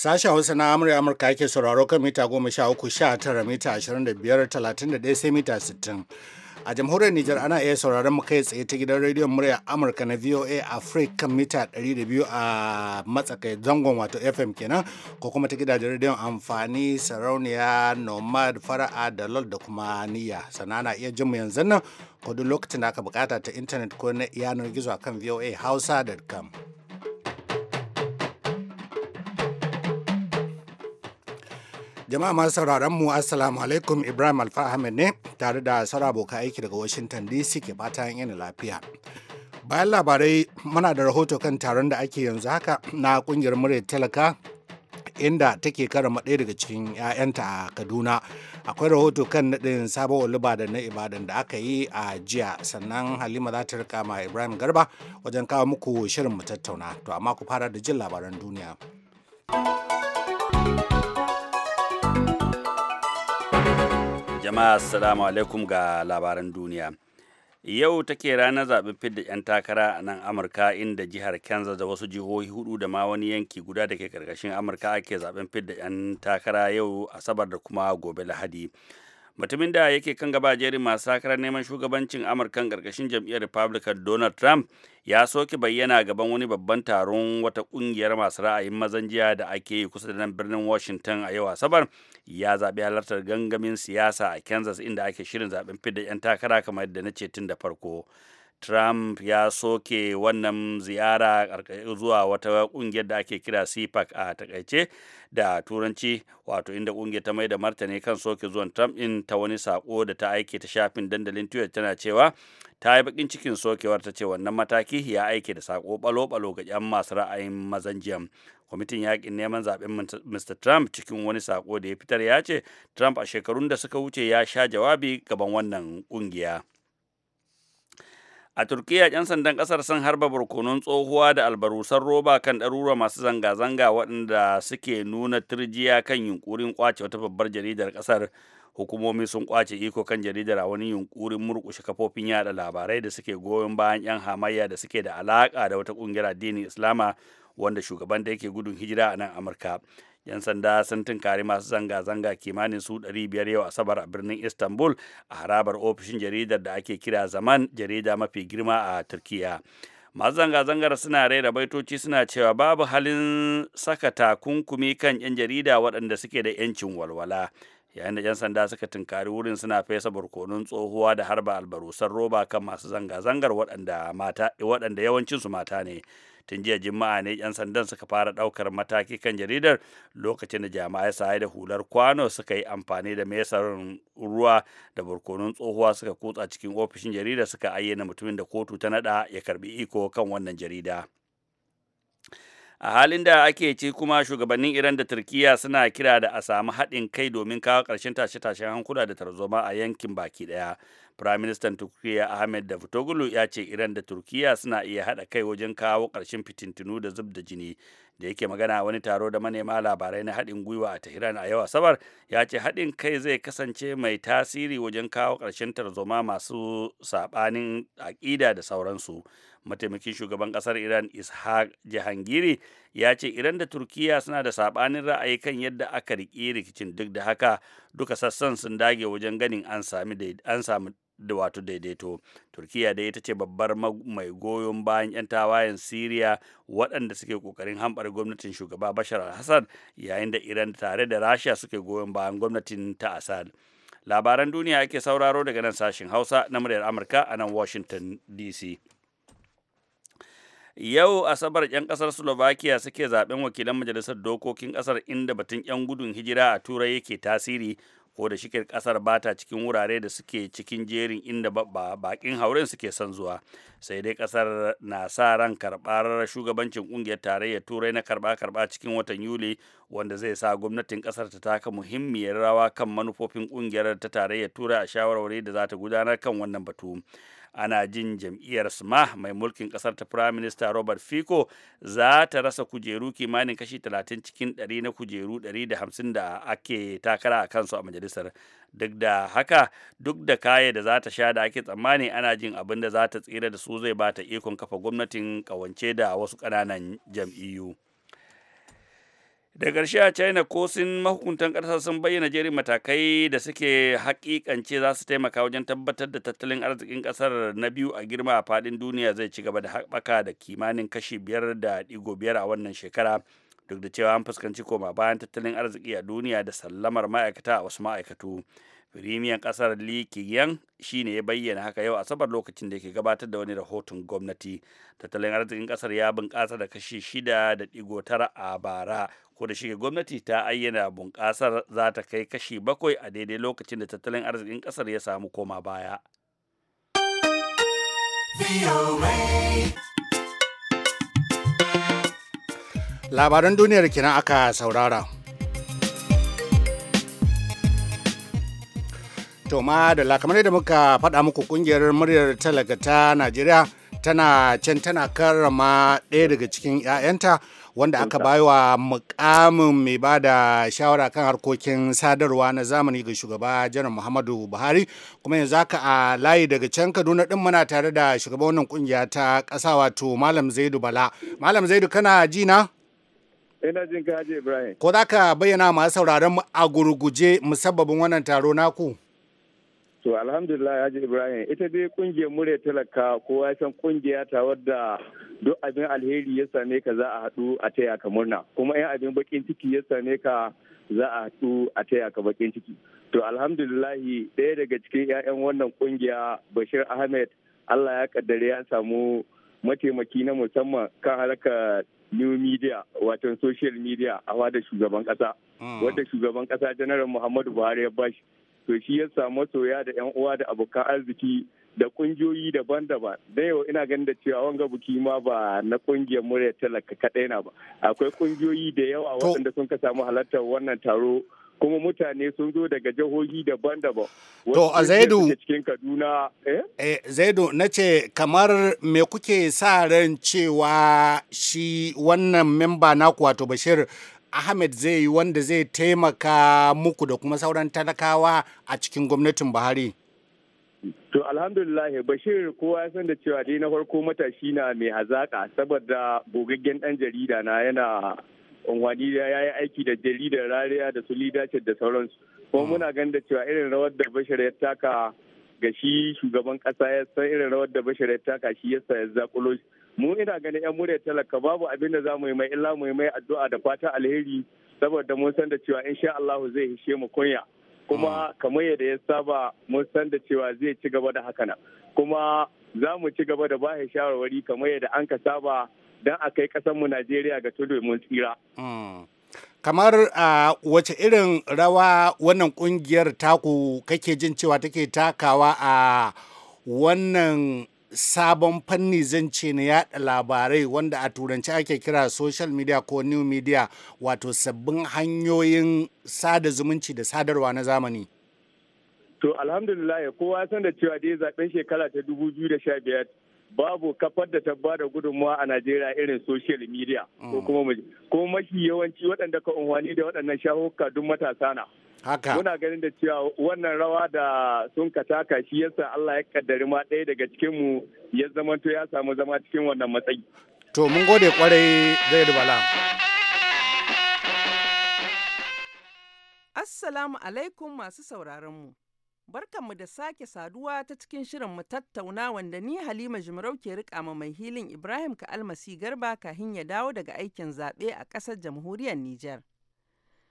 Sashen Hausa na Amurka Amurka yake sauraro kan mita goma sha uku sha tara mita ashirin da biyar talatin da ɗaya sai mita sittin. A jamhuriyar Nijar ana iya sauraron mu kai tsaye ta gidan rediyon murya Amurka na VOA Africa kan mita ɗari da biyu a matsakai zangon wato FM kenan ko kuma ta gidajen rediyon amfani sarauniya Nomad Fara'a da Lol da kuma Niyya. Sannan ana iya jin mu yanzu nan ko duk lokacin da aka bukata ta intanet ko na yanar gizo akan Hausa.com. Jama'a masu sauraron mu Assalamu alaikum Ibrahim Alfa Ahmed ne tare da sauran abokan aiki daga Washington DC ke fatan yana lafiya. Bayan labarai muna da rahoto kan taron da ake yanzu haka na kungiyar murya talaka inda take karama ɗaya daga cikin 'ya'yanta a Kaduna. Akwai rahoto kan naɗin sabon oluba da na Ibadan da aka yi a jiya sannan Halima za ta rika ma Ibrahim Garba wajen kawo muku shirin mu tattauna. To amma ku fara da jin labaran duniya. jama'a assalamu alaikum ga labaran duniya yau take ranar zaɓen fidda 'yan takara a nan amurka inda jihar kansas da wasu jihohi hudu da ma wani yanki guda da ke karkashin amurka ake zaɓen fidda 'yan takara yau asabar da kuma gobe lahadi mutumin da yake kan gaba jerin masu takarar neman shugabancin amurkan karkashin jam'iyyar republican donald trump ya soke bayyana gaban wani babban taron wata ƙungiyar masu ra'ayin mazan jiya da ake yi kusa da nan birnin washington a yau asabar ya zaɓi halartar gangamin siyasa a kansas inda ake shirin zaɓen fidda 'yan takara kamar yadda na ce tun da farko trump ya soke wannan ziyara zuwa wata kungiyar da ake kira cpac a takaice da turanci wato inda kungiyar ta mai da martani kan soke zuwan trump in ta wani sako da ta aike ta shafin dandalin twitter tana cewa ta yi bakin cikin sokewar ta ce wannan mataki ya aike da sako balo-balo ga 'yan masu ra'ayin mazan jiya. kwamitin yakin neman zaben mr trump cikin wani sako da ya fitar ya ce trump a shekarun da suka wuce ya sha jawabi gaban wannan kungiya. a turkiya 'yan sandan kasar sun harba barkonon tsohuwa da albarusan roba kan ɗaruruwa masu zanga-zanga waɗanda suke nuna turjiya kan yunkurin kwace wata babbar jaridar kasar hukumomi sun kwace iko kan jaridar a wani yunkurin murkushe kafofin yada labarai da suke goyon bayan 'yan hamayya da suke da alaka da wata ƙungiyar addinin islama wanda shugaban da yake gudun hijira a nan amurka yan sanda sun tunkari masu zanga-zanga kimanin su 500 yau asabar a birnin istanbul a harabar ofishin jaridar da ake kira zaman jarida mafi girma a turkiya masu zanga-zangar suna raira baitoci suna cewa babu halin saka takunkumi kan 'yan jarida waɗanda suke da 'yancin walwala yayin da 'yan sanda suka tunkari wurin suna fesa barkonun tsohuwa da harba albarusan roba kan masu zanga-zangar waɗanda yawancinsu mata ne tun jiya juma'a ne 'yan sandan suka fara ɗaukar mataki kan jaridar lokacin da jami'ai saye da hular kwano suka yi amfani da mesarin ruwa da barkonun tsohuwa suka kutsa cikin ofishin jaridar suka ayyana mutumin da kotu ta naɗa ya karbi iko kan wannan jarida. a halin da ake ci kuma shugabannin iran da turkiya suna kira da a samu haɗin kai domin kawo ƙarshen tashe-tashen hankula da tarzoma a yankin baki ɗaya Firaministan Turkiyya Ahmed Davutoglu ya ce Iran da Turkiyya suna iya haɗa kai wajen kawo ƙarshen fitintunu da zub da jini. Da yake magana wani taro da manema labarai na haɗin gwiwa a Tehran a yau Asabar ya ce haɗin kai zai kasance mai tasiri wajen kawo ƙarshen tarzoma masu saɓanin aƙida da sauransu. Mataimakin shugaban ƙasar Iran Ishaq Jahangiri ya ce Iran da Turkiyya suna da saɓanin ra'ayi kan yadda aka riƙe rikicin duk da haka duka sassan sun dage wajen ganin an sami da wato daidaito turkiya da ita ce babbar mai goyon bayan 'yan tawayen siriya waɗanda suke kokarin hambar gwamnatin shugaba bashar al-assad yayin da iran tare da rasha suke goyon bayan gwamnatin ta assad labaran duniya ake sauraro daga nan sashen hausa na muryar amurka a nan washington dc yau asabar 'yan kasar slovakia suke zaben wakilan majalisar dokokin kasar inda batun 'yan gudun hijira a turai yake tasiri ko da shike kasar bata cikin wurare da suke cikin jerin inda bakin hauren suke son zuwa sai dai kasar na sa ran karbar shugabancin kungiyar tarayyar turai na karba karba cikin watan yuli wanda zai sa gwamnatin kasar ta taka muhimmiyar rawa kan manufofin kungiyar ta tarayyar turai a shawarwari da za ta gudanar kan wannan batu ana jin jam'iyyar ma mai mulkin kasar ta prime minister robert fico za ta rasa kujeru kimanin kashi 30 cikin 100 na kujeru 150 da ake takara a kansu a majalisar duk da haka duk da kaya da za ta sha da ake tsammani ana jin abin da za ta tsira da su zai ba ta ikon kafa gwamnatin kawance da wasu ƙananan jam'iyyu. da ƙarshe a china ko sun mahukuntan ƙasar sun bayyana jerin matakai da suke haƙiƙance za su taimaka wajen tabbatar da tattalin arzikin ƙasar na biyu a girma a faɗin duniya zai ci gaba da haɓaka da kimanin kashi biyar da ɗigo biyar a wannan shekara duk da cewa an fuskanci koma bayan tattalin arziki a duniya da sallamar ma'aikata a wasu ma'aikatu firimiyan kasar Li Qiyan shi ne ya bayyana haka yau asabar lokacin da yake gabatar da wani rahoton gwamnati tattalin arzikin kasar ya bunƙasa da kashi shida da digo tara a bara ko da shige gwamnati ta ayyana bunƙasar za ta kai kashi bakwai a daidai lokacin da tattalin arzikin kasar ya samu koma baya labaran duniyar kenan aka saurara To la kamar yadda muka faɗa muku kungiyar muryar talaka ta Najeriya tana can tana karrama ɗaya daga cikin 'ya'yanta wanda aka baiwa mukamin mai ba da shawara kan harkokin sadarwa na zamani ga shugaba janar muhammadu buhari kuma yanzu haka a layi daga can kaduna din muna tare da shugaban wannan kungiya ta ƙasa wato malam zaidu bala malam zaidu kana ji na ina jin ka ibrahim ko za ka bayyana masu sauraron mu a gurguje musabbabin wannan taro naku To alhamdulillah Haji Ibrahim ita dai kungiyar murya talaka ko ya san kungiya ta wadda duk abin alheri ya same ka za a haɗu a taya ka murna kuma yan abin bakin ciki ya same ka za a haɗu a taya ka bakin ciki. To alhamdulillah ɗaya daga cikin 'ya'yan wannan kungiya Bashir Ahmed Allah ya kaddare ya samu mataimaki na musamman kan harkar new media wato social media a ah. wadda shugaban kasa wadda shugaban kasa janaral Muhammadu Buhari ya bashi. to shi ya samu masoya da yan uwa da abokan arziki da kungiyoyi daban-daban da yau ina ganin da cewa wanga buki ma ba na kungiyar murya talaka kaɗai na ba akwai kungiyoyi da yawa waɗanda sun ka samu halartar wannan taro kuma mutane sun zo daga jihohi daban-daban. To a Zaidu cikin Kaduna eh? eh Zaidu na ce kamar me kuke sa ran cewa shi wannan memba naku wato Bashir Ahmed zai yi wanda zai taimaka muku da kuma sauran talakawa a cikin gwamnatin Buhari? To alhamdulillah Bashir kowa ya san da cewa dai na farko matashi na mai hazaka saboda gogaggen dan jarida na yana unwani ya yi aiki da jaridar rariya da su da sauransu. Kuma muna ah. gan da cewa irin rawar da Bashir ya taka ga shi shugaban kasa ya san irin rawar da Bashir ya taka shi yasa ya zakulo mu ina ganin yan murya talaka babu abin da za mu yi mai illa mu yi mai addu'a da fata alheri saboda mun san da cewa insha Allah zai hishe mu kunya kuma mm. kamar yadda ya saba mun san da cewa zai ci gaba da hakana kuma za mu ci gaba da ba shawarwari kamar yadda an ka saba don a kai kasar mu Najeriya ga tudu mun tsira. Mm. Kamar a wace irin rawa wannan kungiyar taku kake jin cewa take takawa a wannan sabon fanni zan ce na yada labarai wanda a turanci ake kira social media ko new media wato sabbin hanyoyin sada zumunci da sadarwa na zamani to alhamdulillah kowa san da cewa dai zaben shekara ta 2015 babu kafar da ta da gudunmawa a Najeriya irin social media ko mm. kuma mafi yawanci waɗanda ka unwani da waɗannan shahuka duk matasa na Haka. Muna ganin da cewa wannan rawa da sun kataka shi yasa Allah ya kaddari ma ɗaya daga cikinmu ya to ya samu zama cikin wannan matsayi. To mun gode kwarai zai Bala. Assalamu alaikum masu sauraron mu Barkanmu da sake saduwa ta cikin shirin mu tattauna wanda ni Halima jimrau ke rika ma mai hilin Ibrahim Ka'almasi Garba kahin ya dawo daga aikin zaɓe a ƙasar jamhuriyar Nijar.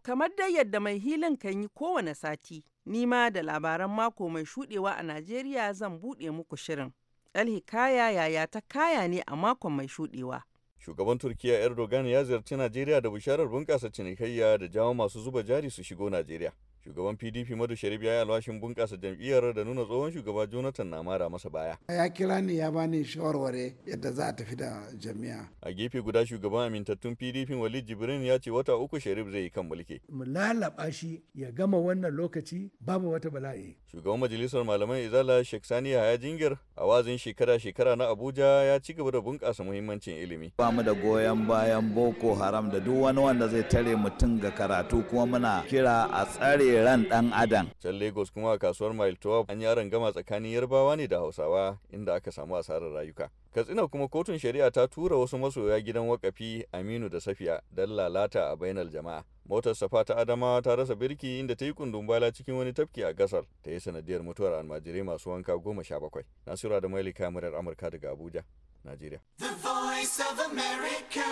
Kamar dai yadda mai hilin kan yi kowane sati, ni ma da labaran mako mai shudewa a Najeriya zan buɗe muku shirin. Alhikaya yaya ta kaya ne a makon mai shudewa. Shugaban Turkiya Erdogan ya ziyarci Najeriya da bisharar bunƙasa cinikayya da jawo masu zuba jari su shigo Najeriya. shugaban pdp madu sharif ya yi alwashin bunƙasa jam'iyyar da nuna tsohon shugaba jonathan na mara masa baya ya kira ni ya bani shawarware yadda za a tafi da jami'a a gefe guda shugaban amintattun pdp walid jibrin ya ce wata uku sharif zai yi kan mulki mu lalaba shi ya gama wannan lokaci babu wata bala'i shugaban majalisar malaman izala sheikh sani ya jingir a wazin shekara shekara na abuja ya ci gaba da bunƙasa muhimmancin ilimi ba mu da goyon bayan boko haram da duk wani wanda zai tare mutum ga karatu kuma muna kira a tsare kare ran ɗan adam. Can Lagos kuma a kasuwar Mile 12 an yaron gama tsakanin Yarbawa ne da Hausawa inda aka samu asarar rayuka. Katsina kuma kotun shari'a ta tura wasu masoya gidan wakafi Aminu da Safiya don lalata a bainar jama'a. Motar safa ta Adamawa ta rasa birki inda ta yi kundumbala cikin wani tafki a gasar ta yi sanadiyar mutuwar almajirai masu wanka goma sha bakwai. Nasiru da Maili kamarar Amurka daga Abuja, Najeriya. The Voice of America,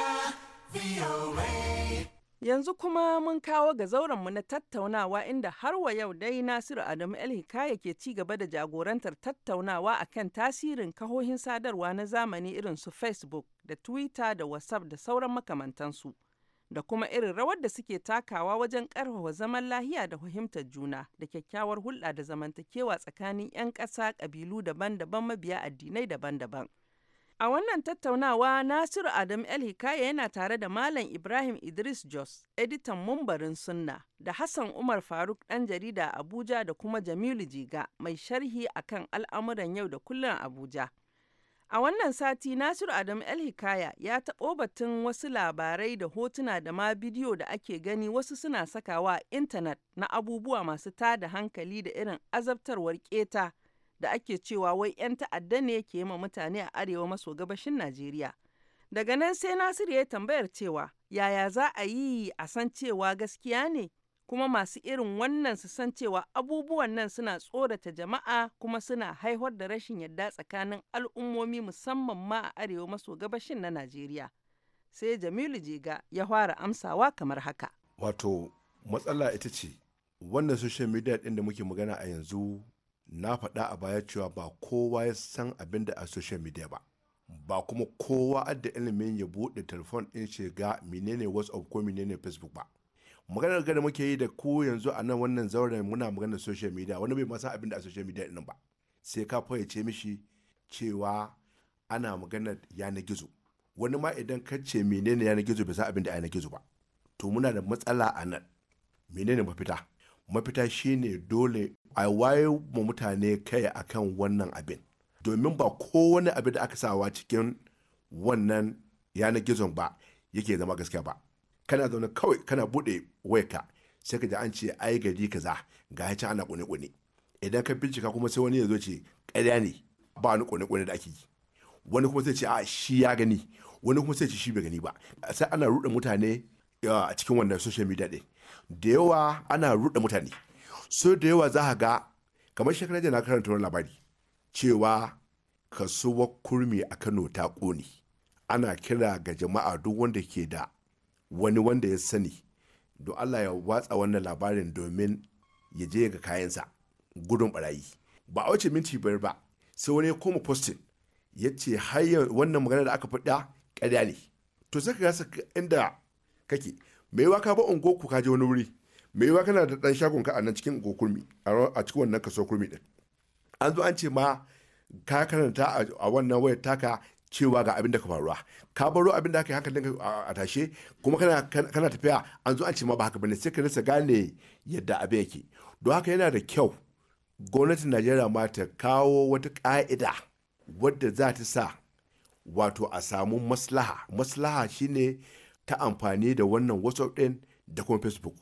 VOA. Yanzu kuma mun kawo ga zaurenmu na tattaunawa inda har wa yau dai Nasiru Adamu Hikaya ke ci gaba da jagorantar tattaunawa a kan tasirin kahohin sadarwa na zamani irin su Facebook da Twitter da WhatsApp da sauran makamantansu. Da kuma irin rawar da suke takawa wajen karfafa zaman lahiya da fahimtar juna da kyakkyawar hulɗa da zamantakewa tsakanin 'yan ƙasa ƙabilu daban-daban mabiya addinai daban-daban. A wannan tattaunawa Nasiru Adam El Hikaya yana tare da Malam Ibrahim Idris Jos, editan mumbarin sunna, da Hassan Umar Faruk ɗan jarida Abuja da kuma Jamilu Jiga, mai sharhi akan al'amuran yau da kullum Abuja. A wannan sati Nasiru Adam El Hikaya ya taɓo batun wasu labarai da hotuna da ma bidiyo da ake gani wasu suna sakawa intanet na abubuwa masu tada hankali da irin azabtarwar keta. da ake cewa wai 'yan ta'adda ne ke ma mutane a arewa maso gabashin Najeriya. Daga nan sai Nasiru ya tambayar cewa yaya za a yi a san cewa gaskiya ne kuma masu irin wannan su san cewa abubuwan nan suna tsorata jama'a kuma suna haihar da rashin yadda tsakanin al'ummomi musamman ma a arewa maso gabashin na Najeriya. Sai Jamilu Jega ya fara amsawa kamar haka. Wato matsala ita ce wannan social media ɗin da muke magana a yanzu na faɗa a baya cewa ba kowa ya san abin da a social media ba ba kuma kowa adda ilimin ya buɗe telefon ɗin shiga menene whatsapp ko menene facebook ba maganar da muke yi da ko yanzu a nan wannan zauren muna maganar social media wani bai masa abin da a social media ɗin ba sai ka fayyace mishi cewa ana maganar yanar gizo wani ma idan ka ce menene yanar gizo bai san abin da yanar gizo ba to muna da matsala a nan menene mafita mafita ne dole a waye mu mutane kai akan wannan abin domin ba kowane abin da aka sawa cikin wannan yanar gizon ba yake zama gaskiya ba kana zaune kawai kana buɗe wayarka sai ka ji an ce ai gari kaza ga ya ana kune-kune idan ka bincika kuma sai wani ya zo ce ƙarya ne ba wani kune-kune da ake yi wani kuma sai ce a shi ya gani wani kuma sai ce shi bai gani ba sai ana ruɗe mutane ah, a cikin wannan social media ɗin da yawa ana ruɗa mutane so da yawa za ga kamar shekarar da na karanta wani labari cewa kasuwar kurmi a kano ta ƙone ana kira ga jama'a duk wanda ke da wani wanda ya sani don allah ya watsa wannan labarin domin ya je ga kayansa gudun barayi ba a wace minti biyar ba sai wani ya koma postin ya ce har wannan magana da aka faɗa ƙarya ne to sai ka gasa inda kake me yawa ka ba ungoku ka je wani wuri me yawa kana da dan shagon ka a nan cikin kurmi a cikin wannan kaso kurmi din an zo an ce ma ka karanta a wannan wayar taka cewa ga abin ka faruwa ka baro abin da aka yi hankalin a tashe kuma kana tafiya an zo an ce ma ba haka bane sai ka rasa gane yadda abin yake don haka yana da kyau gwamnatin najeriya ma ta kawo wata ka'ida wadda za ta sa wato a samu maslaha maslaha shine ta amfani da wannan whatsapp ɗin da kuma facebook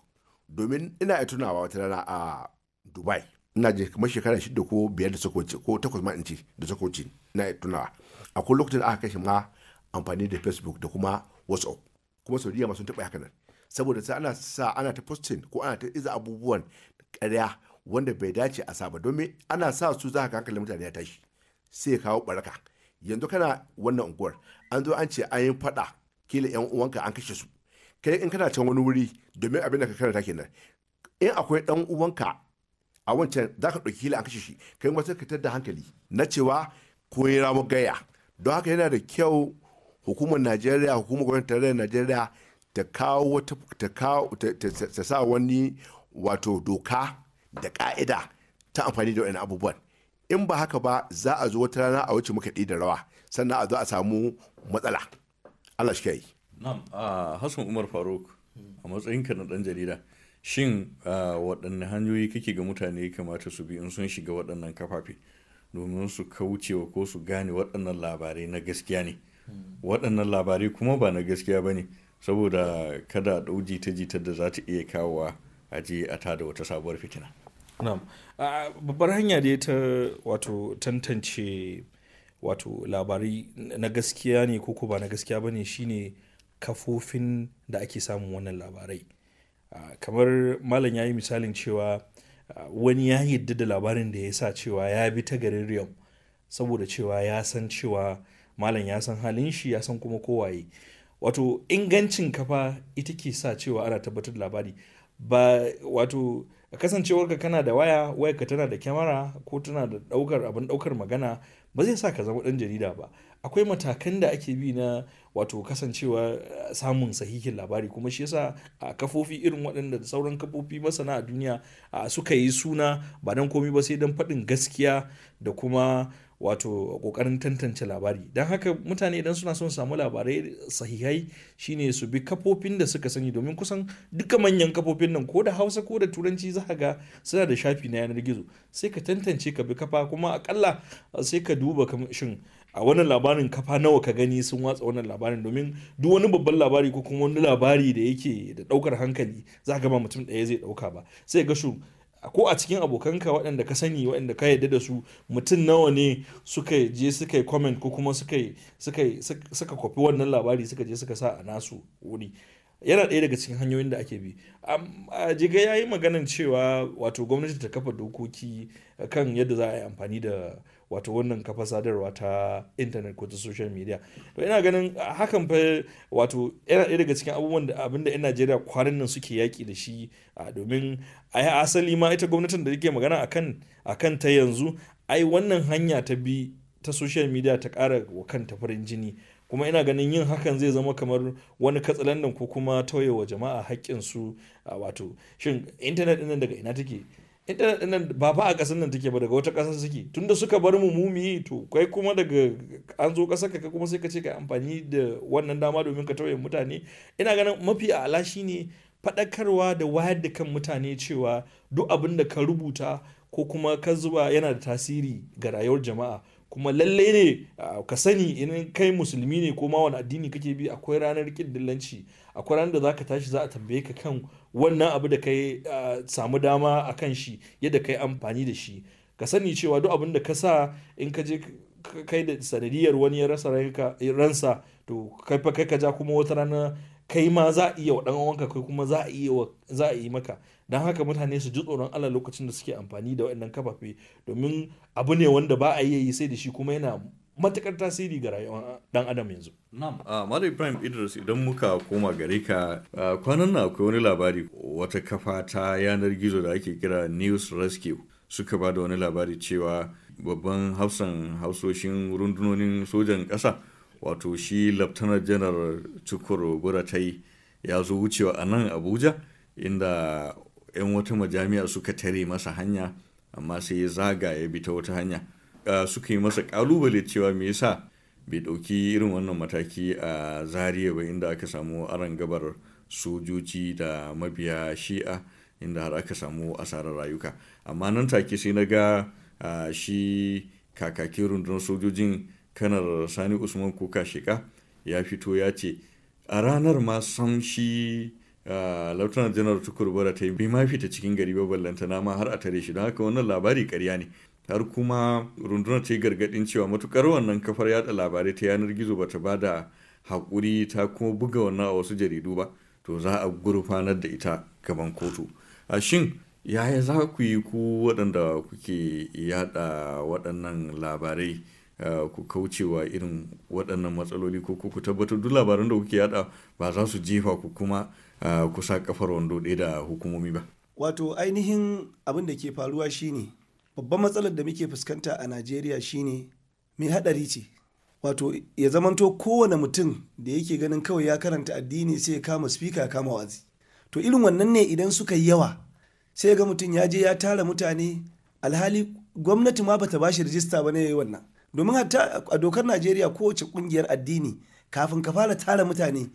domin ina ya tunawa wata rana a dubai ina je kamar shekara shida ko biyar da suka ko takwas ma in ce da suka wuce ina ya tunawa akwai lokacin aka kashe ma amfani da facebook da kuma whatsapp kuma saudiya ma sun taɓa haka nan saboda sai ana sa ana ta posting ko ana ta iza abubuwan karya wanda bai dace a sa ba domin ana sa su za ka hankalin mutane ya tashi sai ya kawo baraka yanzu kana wannan unguwar an zo an ce an yi faɗa kila yan uwanka an kashe su kai in kana can wani wuri domin abin da ka karanta kenan in akwai dan uwanka a wancan za ka ɗauki kila an kashe shi kai wata ka da hankali na cewa ko ya ramu gaya don haka yana da kyau hukumar najeriya hukumar gwamnatin tarayyar najeriya ta kawo wata ta kawo ta sa wani wato doka da ka'ida ta amfani da wani abubuwan in ba haka ba za a zo wata rana a wuce muka da rawa sannan a zo a samu matsala Allah shi yi a Hassan Umar Faruk a matsayinka na ɗan jarida shin waɗanne hanyoyi kake ga mutane kamata su bi in sun shiga waɗannan kafafe domin su kaucewa ko su gane waɗannan labarai na gaskiya ne waɗannan labarai kuma ba na gaskiya ba ne saboda kada a ɗau jita jita da za ta iya kawowa a je a tada wata sabuwar fitina. babbar hanya dai ta wato tantance wato labarai na gaskiya ne ko ba na gaskiya ba ne shine kafofin da ake samun wannan labarai kamar malam ya yi misalin cewa wani ya yadda da labarin da ya sa cewa ya bi ta garin riyam saboda cewa ya san cewa malam ya san halin shi ya san kuma kowaye wato ingancin kafa ita ke sa cewa ana tabbatar da labari ba wato kasancewarka kana da waya wayarka tana da kyamara ko tana da daukar abin daukar magana ba zai sa ka zama ɗan jarida ba akwai matakan da ake bi na wato kasancewa eh, samun sahihin labari kuma shi yasa a kafofi irin waɗanda sauran kafofi masana a duniya suka yi suna ba don komi ba sai don faɗin gaskiya da kuma wato kokarin tantance labari don haka mutane idan suna son samu labarai sahihai shine su bi kafofin da suka sani domin kusan duka manyan kafofin nan ko da hausa ko da turanci za ga suna da shafi na yanar gizo sai ka tantance ka bi kafa kuma akalla sai ka duba shin a wannan labarin kafa nawa ka gani sun watsa wannan labarin domin duk wani babban labari ko kuma wani labari da yake da daukar hankali za ga ba mutum daya zai dauka ba sai ga shu ko a cikin abokanka waɗanda ka sani waɗanda ka yarda da su mutum nawa ne suka je suka yi comment ko kuma suka kwafi wannan labari suka je suka sa a nasu wuri yana ɗaya daga cikin hanyoyin da ake bi a jiga ya yi maganin cewa wato gwamnati ta kafa dokoki kan yadda za a yi amfani da wato wannan kafa sadarwa ta intanet ko ta social media to ina ganin hakan fa wato yana ɗaya daga cikin abubuwan da abinda 'yan najeriya kwanan nan suke yaƙi da shi domin a asali ma ita gwamnatin da take magana akan akan ta yanzu ai wannan hanya ta bi ta social media ta ƙara wa kanta farin jini kuma ina ganin yin hakan zai zama kamar wani katsalandan ko kuma wa jama'a haƙƙinsu wato shin intanet ɗin daga ina take intanet ba fa a ƙasar nan take ba daga wata ƙasar suke tunda suka bar mu mumi to kai kuma daga an zo ƙasar ka kuma sai ka ce ka amfani da wannan dama domin ka tauye mutane ina ganin mafi ala shine faɗakarwa da wayar da kan mutane cewa duk abin da ka rubuta ko kuma ka zuba yana da tasiri ga rayuwar jama'a kuma lallai ne ka sani in kai musulmi ne ko ma wani addini kake bi akwai ranar kin akwai ranar da zaka tashi za a tambaye ka kan wannan abu da kai samu dama a kan shi yadda kai amfani da shi ka sani cewa duk abin da ka sa in ka je kai da sanadiyar wani ya rasa ransa to kai ka ja kuma wata rana kai ma za a iya wa dan uwanka kai kuma za a yi maka don haka mutane su ji tsoron Allah lokacin da suke amfani da waɗannan kafafe domin abu ne wanda ba a iya yi sai da shi kuma yana matukar tasiri ga rayuwar dan adam yanzu. Na'am. Ah, Malam Ibrahim Idris idan muka koma gare ka ah, kwanan nan akwai wani labari wata kafa ta yanar gizo da ake kira News Rescue suka ba da wani labari cewa babban hafsan hausoshin rundunonin sojan ƙasa wato shi laftanar janar cikuru buratai ya zo wucewa a nan abuja inda 'yan wata majami'a suka tare masa hanya amma sai ya zaga ya bi ta wata hanya suka yi masa kalubale cewa me yasa bai ɗauki irin wannan mataki a zariya ba inda aka samu aron gabar sojoji da mabiya shi'a inda har aka samu asarar rayuka amma nan take sai na ga shi kakakin rundunar sojojin kanar sani usman kuka sheka ya fito ya ce a ranar ma sam shi lautanar janar tukur bara ta yi bai ma fita cikin gari ba ballanta na ma har a tare shi don haka wannan labari karya ne har kuma rundunar ta yi gargadin cewa matukar wannan kafar yada labarai ta yanar gizo bata ta bada haƙuri ta kuma buga wannan a wasu jaridu ba to za a gurfanar da ita gaban kotu a shin yaya za ku yi ku waɗanda kuke yada waɗannan labarai Eh, ku kaucewa irin waɗannan matsaloli ko ku tabbatar duk labaran da kuke yada ba za su jefa ku kuma eh, kusa kafar wando ɗaya da hukumomi ba. Wato ainihin abin da ke faruwa shine babban matsalar da muke fuskanta a Najeriya shine mai haɗari ce. Wato ya zamanto kowane mutum da yake ganin kawai ya karanta addini sai ya kama spika ya kama wazi. To irin wannan ne idan suka yi yawa sai ga mutum ya je ya tara mutane alhali gwamnati ma bata bashi rijista ba ne ya yi wannan. domin hatta a dokar najeriya kowace kungiyar addini kafin ka fara tara mutane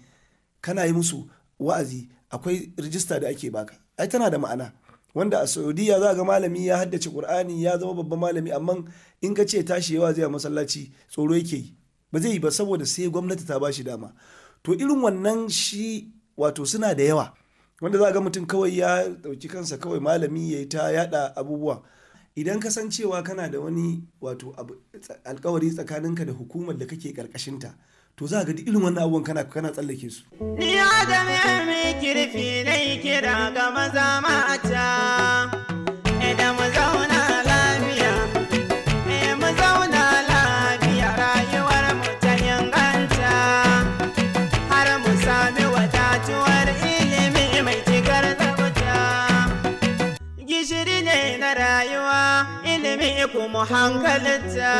kana yi musu wa'azi akwai rijista da ake baka ai tana da ma'ana wanda a saudiya za ga malami ya haddace qur'ani ya zama babban malami amma in ka ce tashi yawa zai masallaci tsoro yake yi ba zai yi ba saboda sai gwamnati ta bashi dama to irin wannan shi wato suna da yawa wanda za ga mutum kawai ya dauki kansa kawai malami ya yi ta yada abubuwa idan ka san cewa kana da wani wato alkawari tsakaninka da hukumar da kake karkashinta to za ga irin wannan abubuwan kana kana tsallake su ni adam ya mai kirfi nai kira ga maza mata muhankalinta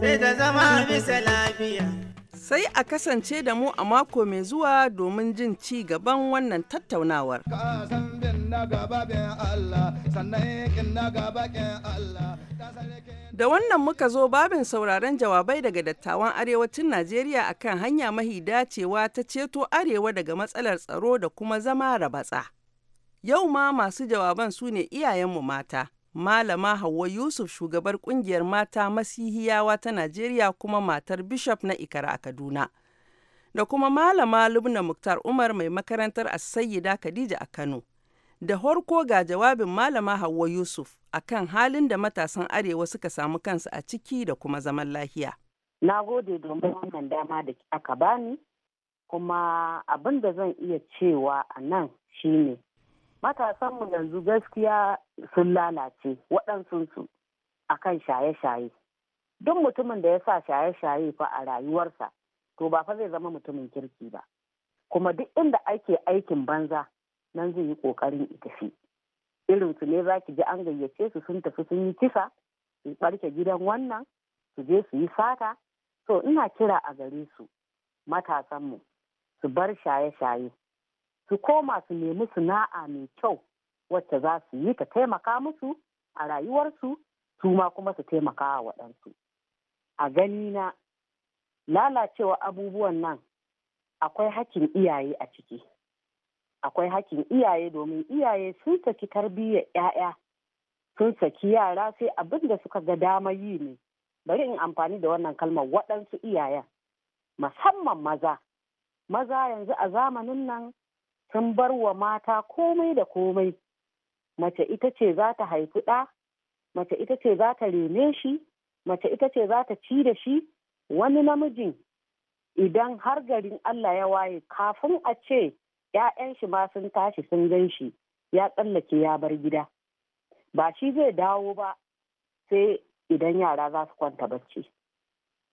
sai da zama bisa lafiya. Sai a kasance da mu a mako mai zuwa domin jin ci gaban wannan tattaunawar. Da wannan muka zo babin sauraron jawabai daga dattawan arewacin Najeriya a kan hanya mahi dacewa ta ceto arewa daga matsalar tsaro da kuma zama rabatsa. Yau ma masu jawaban su ne iyayenmu mata. Malama Hauwa Yusuf shugabar kungiyar mata Masihiyawa ta Najeriya kuma matar Bishop na Ikara a Kaduna. Da kuma Malama Lubna Muktar Umar mai makarantar Asayida Khadija a Kano. Da horko ga jawabin Malama Hauwa Yusuf a kan halin da matasan Arewa suka samu kansu a ciki da kuma zaman lahiya. Na gode domin wannan dama da aka bani, kuma abin da zan iya cewa a nan shine matasanmu yanzu gaskiya sun lalace waɗansunsu a kan shaye-shaye duk mutumin da ya sa shaye-shaye fa a rayuwarsa to ba fa zai zama mutumin kirki ba kuma duk inda ake aikin banza nan zai yi ƙoƙarin tafi irin su ne za ki ji an gayyace su sun tafi sun yi kisa su ɓarke gidan wannan su je su yi sata to ina kira a gare su matasanmu su bar shaye-shaye su koma su nemi sana'a mai kyau wacce za su yi ta taimaka musu a rayuwarsu su ma kuma su taimaka wa waɗansu a gani na lalacewa abubuwan nan akwai hakkin iyaye a ciki akwai hakkin iyaye domin iyaye sun saki tarbiyyar 'ya'ya sun saki yara sai abin da suka ga dama yi ne bari in amfani da wannan kalmar waɗansu iyayen musamman maza maza yanzu a zamanin nan sun bar wa mata komai da komai mace ita ce za ta haifi ɗa mace ita ce za ta rene shi mace ita ce za ta ci da shi wani namijin idan har garin Allah ya waye kafin a ce ‘ya'yan shi ma sun tashi sun gan shi ya tsallake ya bar gida ba shi zai dawo ba sai idan yara za su kwanta bacci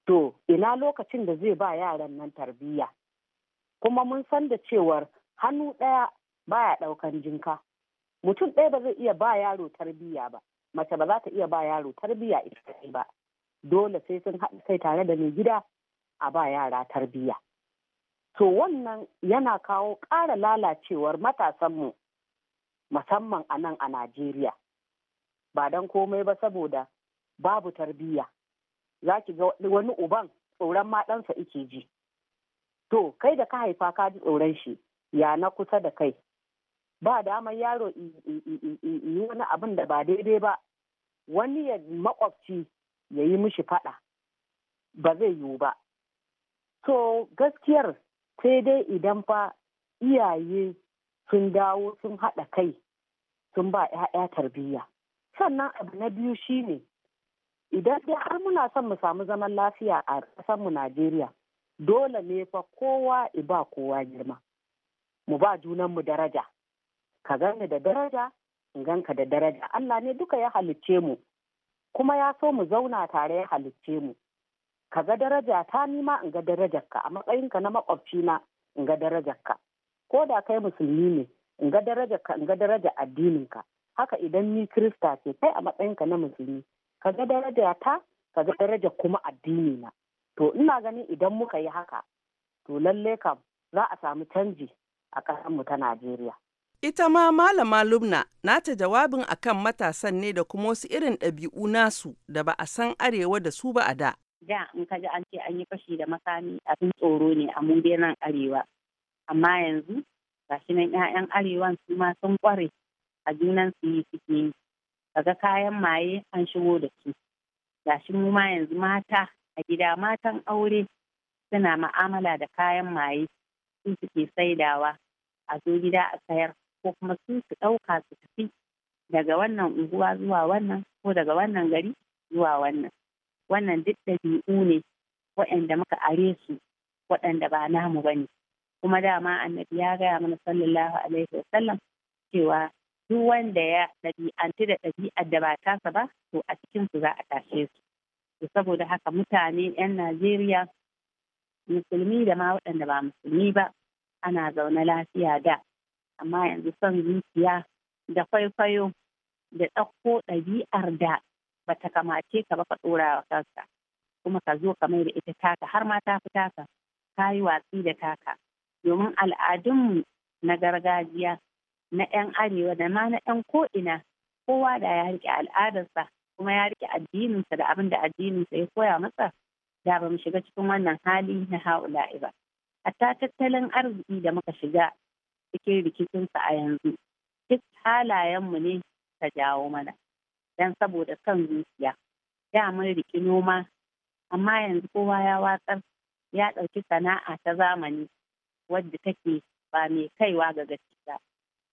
to ina lokacin da zai ba yaran nan tarbiyya kuma mun san da cewar hannu ɗaya baya ɗaukan jinka mutum ɗaya ba zai iya ba yaro tarbiyya ba mace ba za ta iya ba yaro tarbiyya ita ba dole sai sun haɗa kai tare da mai gida a ba yara tarbiyya to wannan yana kawo ƙara lalacewar matasanmu musamman a nan a najeriya ba dan komai ba saboda babu tarbiyya za ki ga wani uban tsoron ma ɗansa ike ji to kai da ka haifa ka ji tsoron shi ya na kusa da kai ba damar yaro yi wani abin da ba daidai ba wani ya makwabci ya yi mishi fada ba zai yiwu ba to gaskiyar sai dai idan fa iyaye sun dawo sun haɗa kai sun ba 'ya'ya tarbiyya sannan abu na biyu shine idan dai har muna son mu samu zaman lafiya a ƙasarmu najeriya dole ne fa kowa iba kowa girma mu ba junanmu daraja ka gani da daraja in ganka da daraja Allah ne duka ya halicce mu kuma ya so mu zauna tare ya halicce mu ka ga daraja ta nima in ga darajarka a matsayinka na makwabcina in ga darajarka ko da kai musulmi ne in ga darajarka in ga daraja addininka haka idan ni Kirista ce kai a matsayinka na musulmi ka ga daraja ta ka ga daraja kuma addinina. to ina ganin idan muka yi haka to lalle kam za a samu canji a ƙasarmu ta Najeriya. Ita ma Malama Lubna nata jawabin akan matasan ne da kuma wasu irin ɗabi'u nasu da ba a san arewa da su ba a da. Da in ka ji an ce an yi fashi da makami a abin tsoro ne a mu arewa. Amma yanzu gashi nan 'ya'yan arewa su ma sun ƙware a junan su yi suke yi. Kaga kayan maye an shigo da su. shi mu ma yanzu mata a gida matan aure suna ma'amala da kayan maye su suke saidawa a zo gida a sayar ko kuma su su ɗauka su tafi daga wannan unguwa zuwa wannan ko daga wannan gari zuwa wannan wannan duk ɗabi'u ne waɗanda muka are su waɗanda ba namu ba ne kuma dama annabi ya gaya mana sallallahu alaihi wa sallam cewa duk wanda ya ɗabi'antu da ɗabi'ar da ba tasa ba to a cikin su za a tashe su saboda haka mutane 'yan najeriya musulmi da ma waɗanda ba musulmi ba ana zaune lafiya da amma yanzu son zuciya da kwaikwayo da ɗauko ɗabi'ar da ba ta kamace ka ba ka ɗora wa kuma ka zo ka mai da ita taka har ma ta fi taka ka yi watsi da taka domin al'adunmu na gargajiya na 'yan arewa da ma na 'yan ko'ina kowa da ya riƙe al'adarsa kuma ya riƙe addininsa da abin da addininsa ya koya masa da ba mu shiga cikin wannan hali na ha'ula'i ba hatta tattalin arziki da muka shiga cikin rikicinsa a yanzu duk halayenmu ne ta jawo mana don saboda kan zuciya ya mun riki noma amma yanzu kowa ya watsar ya ɗauki sana'a ta zamani wadda take ba mai kaiwa ga gaskiya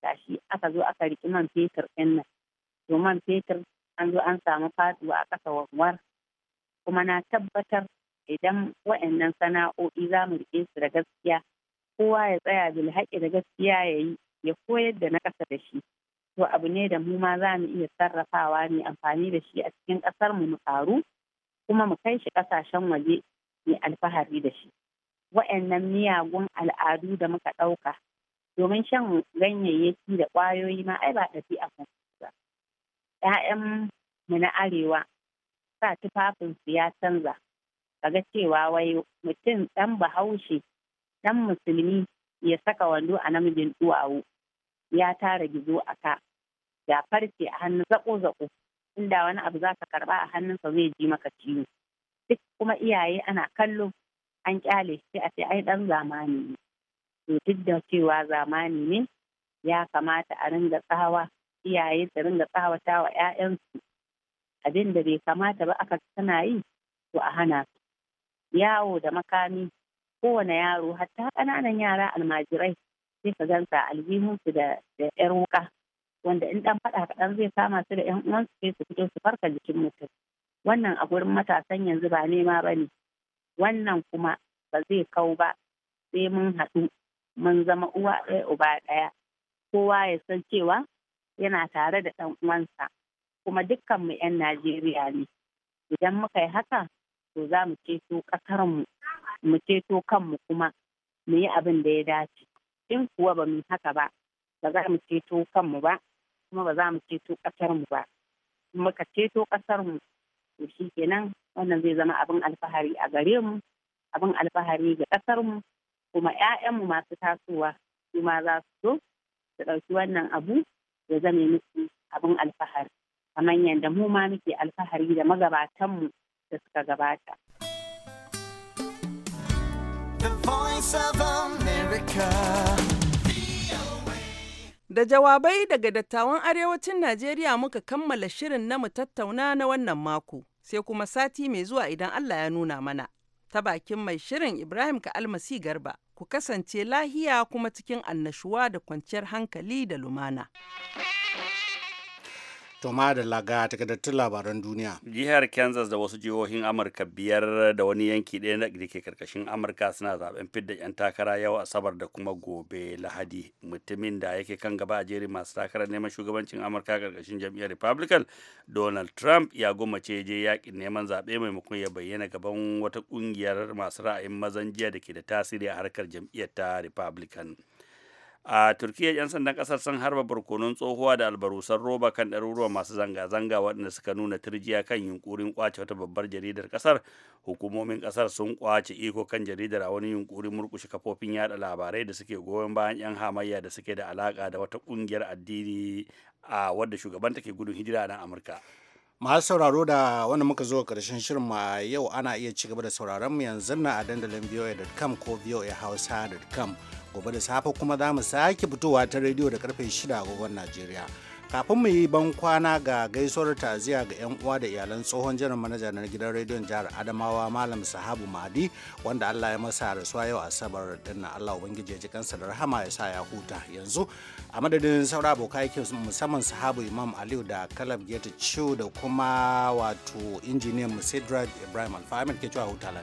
gashi aka zo aka riki man fetur ɗin nan to man fetur an zo an samu faduwa a ƙasa wanwar kuma na tabbatar idan wa'annan sana'o'i za mu riƙe su da gaskiya kowa ya tsaya bilhaƙi da gaskiya ya yi ya koyar da na ƙasa da shi to abu ne da mu ma za mu iya sarrafawa ne amfani da shi a cikin ƙasar mu mu ƙaru kuma mu kai shi ƙasashen waje mai alfahari da shi wa'annan miyagun al'adu da muka ɗauka domin shan ganyayyaki da ƙwayoyi ma ai ba a ba ‘ya'yan mu na arewa sa tufafinsu ya canza Ka ga cewa wai mutum ɗan bahaushe ɗan musulmi ya saka wando a namijin duwawu ya tara gizo a ka ya farce a hannu zaƙo-zaƙo. inda wani abu za ka karɓa a hannunsa zai ji maka ciwo duk kuma iyaye ana kallo an ƙyale, shi a ce ai ɗan zamani ne to duk da cewa zamani ne ya kamata a ringa tsawa iyaye su ringa tsawata wa 'ya'yansu abin da bai kamata ba aka tana yi to a hana su yawo da makami kowane yaro hatta ƙananan yara almajirai sai ka gansa su da yar wuka wanda in ɗan faɗa kaɗan zai kama su da yan uwansu sai su fito su farka jikin mutum wannan a gurin matasan yanzu ba nema ba ne wannan kuma ba zai kau ba sai mun haɗu mun zama uwa ɗaya uba ɗaya kowa ya san cewa yana tare da ɗan uwansa kuma dukkan mu 'yan Najeriya ne idan muka yi haka to za mu ceto ƙasarmu mu ceto kanmu kuma mu yi abin da ya dace in kuwa ba mu haka ba ba za mu ceto kanmu ba kuma ba za mu ceto ƙasarmu ba muka ceto ƙasarmu to shi kenan wannan zai zama abin alfahari a gare mu abin alfahari ga ƙasarmu kuma mu masu tasowa su ma za su zo su ɗauki wannan abu ya zame musu abin alfahari kamar yadda mu ma muke alfahari da magabatanmu da suka gabata. Da jawabai daga dattawan arewacin Najeriya muka kammala shirin na mu tattauna na wannan mako, sai kuma sati mai zuwa idan Allah ya nuna mana. Ta bakin mai shirin Ibrahim ka almasi Garba, ku kasance lahiya kuma cikin annashuwa da kwanciyar hankali da lumana. toma da laga takardattun labaran duniya. Jihar Kansas da wasu jihohin Amurka biyar da wani yanki ɗaya da ke karkashin Amurka suna zaben fidda 'yan takara yau Asabar da kuma gobe Lahadi. Mutumin da yake kan gaba a jerin masu takarar neman shugabancin Amurka karkashin jam'iyyar Republican Donald Trump ya gwammace je yakin neman zaɓe maimakon ya bayyana gaban wata ƙungiyar masu ra'ayin mazan jiya da ke da tasiri a harkar jam'iyyar ta Republican. a turkiya 'yan sandan kasar sun harba barkonon tsohuwa da albarusan roba kan ɗaruruwan masu zanga-zanga waɗanda suka nuna turjiya kan yunkurin kwace wata babbar jaridar kasar hukumomin kasar sun kwace iko kan jaridar a wani yunkurin murkushe kafofin yada labarai da suke goyon bayan 'yan hamayya da suke da alaka da wata kungiyar addini a wadda shugaban take gudun hijira na amurka masu sauraro da wanda muka zo karshen shirin ma yau ana iya cigaba da sauraron mu yanzu na a dandalin voa.com ko voahausa.com gobe da safe kuma za mu sake fitowa ta rediyo da karfe 6 agogon Najeriya. Kafin mu yi ban kwana ga gaisuwar taziya ga 'yan uwa da iyalan tsohon jiran manaja na gidan rediyon jihar Adamawa Malam Sahabu Mahdi wanda Allah ya masa rasuwa yau Asabar din na Allah Ubangiji ya ji kansa da rahama ya sa ya huta yanzu a madadin saura abokan aikin musamman Sahabu Imam Aliyu da Kalab Geta Ciu da kuma wato injiniyan mu Ibrahim Alfahamin ke cewa huta